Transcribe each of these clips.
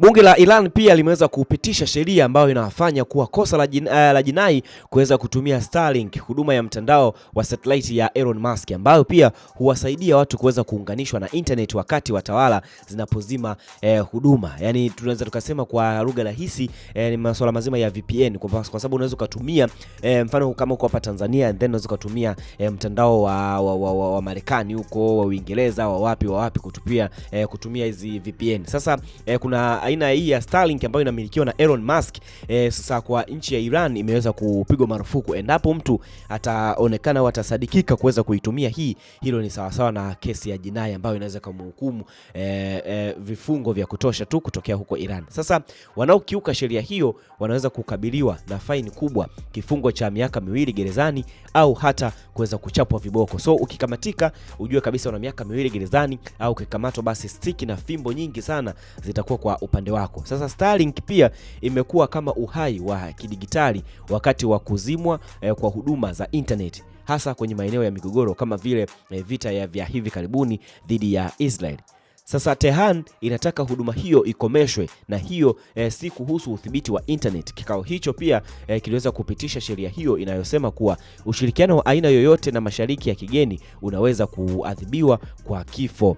Bunge la Iran pia limeweza kupitisha sheria ambayo inafanya kuwa kosa la, jin, uh, la jinai kuweza kutumia Starlink, huduma ya mtandao wa satellite ya Elon Musk ambayo pia huwasaidia watu kuweza kuunganishwa na internet wakati watawala zinapozima eh, huduma. Yaani tunaweza tukasema kwa lugha rahisi eh, ni masuala mazima ya VPN kwa sababu unaweza ukatumia eh, mfano kama uko hapa Tanzania and then unaweza ukatumia eh, mtandao wa, wa, wa, wa, wa Marekani huko wa Uingereza wa wapi wa wapi kutupia eh, kutumia hizi VPN. Sasa eh, kuna aina hii ya Starlink ambayo inamilikiwa na Elon Musk e, sasa kwa nchi ya Iran imeweza kupigwa marufuku. Endapo mtu ataonekana watasadikika kuweza kuitumia hii, hilo ni sawasawa na kesi ya jinai ambayo inaweza kumhukumu e, eh, e, eh, vifungo vya kutosha tu kutokea huko Iran. Sasa wanaokiuka sheria hiyo wanaweza kukabiliwa na faini kubwa, kifungo cha miaka miwili gerezani au hata kuweza kuchapwa viboko. So ukikamatika ujue kabisa una miaka miwili gerezani au ukikamatwa, basi stiki na fimbo nyingi sana zitakuwa kwa upande upande wako. Sasa Starlink pia imekuwa kama uhai wa kidigitali wakati wa kuzimwa eh, kwa huduma za internet hasa kwenye maeneo ya migogoro kama vile eh, vita ya vya hivi karibuni dhidi ya Israel. Sasa Teheran inataka huduma hiyo ikomeshwe na hiyo eh, si kuhusu udhibiti wa internet. Kikao hicho pia eh, kiliweza kupitisha sheria hiyo inayosema kuwa ushirikiano wa aina yoyote na mashariki ya kigeni unaweza kuadhibiwa kwa kifo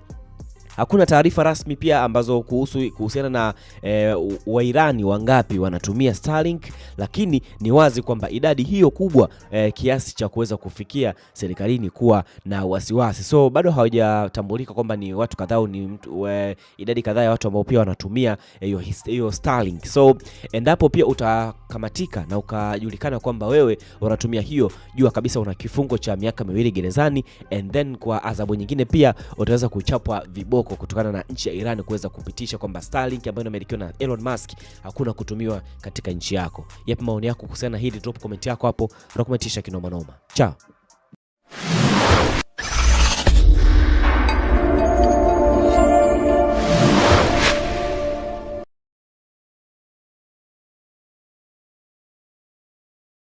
hakuna taarifa rasmi pia ambazo kuhusu kuhusiana na e, eh, Wairani wangapi wanatumia Starlink, lakini ni wazi kwamba idadi hiyo kubwa e, kiasi cha kuweza kufikia serikalini kuwa na wasiwasi. So bado hawajatambulika kwamba ni watu kadhaa, ni mtu, e, idadi kadhaa ya watu ambao pia wanatumia eh, hiyo e, Starlink. So endapo pia utakamatika na ukajulikana kwamba wewe unatumia hiyo, jua kabisa una kifungo cha miaka miwili gerezani, and then kwa adhabu nyingine pia utaweza kuchapwa vibo viboko kutokana na nchi ya Iran kuweza kupitisha kwamba Starlink ambayo inamilikiwa na Elon Musk hakuna kutumiwa katika nchi yako. Yapi maoni yako kuhusiana na hili? Drop comment yako hapo, nakumetisha kinoma noma. Ciao.